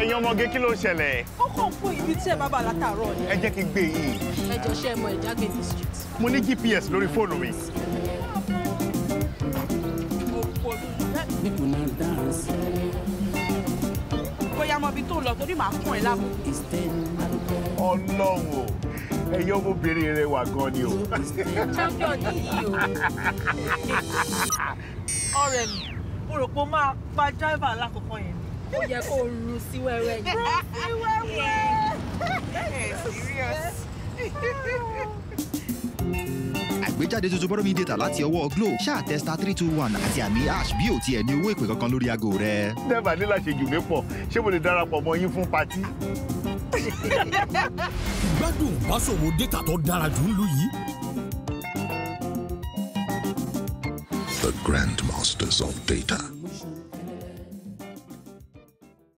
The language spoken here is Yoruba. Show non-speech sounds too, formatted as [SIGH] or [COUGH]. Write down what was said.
ẹ̀yin ọmọge kí ló ń ṣẹlẹ̀. ó kàn fún ibi tí ẹ bá bà látàárọ̀ ni. ẹ jẹ́ kí n gbé yìí. ẹ jọ ṣe ẹmọ ẹja gbé ní mo ní gps lórí fóònù mi. bóyá mọ ibi tó lọ torí màá fún ẹ lábọ. ọlọ́run o ẹ̀yin rẹ wà gan ni o. champion nìyí o. [LAUGHS] ọ̀rẹ́ mi mo rò pé ó máa pa driver alákọ̀ọ́kọ́ yẹn ó yẹ kó run sí wẹ́wẹ́ yìí. run sí wẹ́wẹ́. serious. [LAUGHS] àgbéjáde tuntun bọ́dọ̀mí data láti ọwọ́ Glo ṣáà testa three two one àti àmì ash bí ò tiẹ̀ ní owó ìpè kankan lórí aago rẹ. dẹ́gbà nílà ṣe jù mí pọ̀ ṣé mo lè darapọ̀ mọ́ yín fún patí. [LAUGHS] gbádùn báṣọ̀wò data tó dára jù ń lu yìí. The grandmasters of data.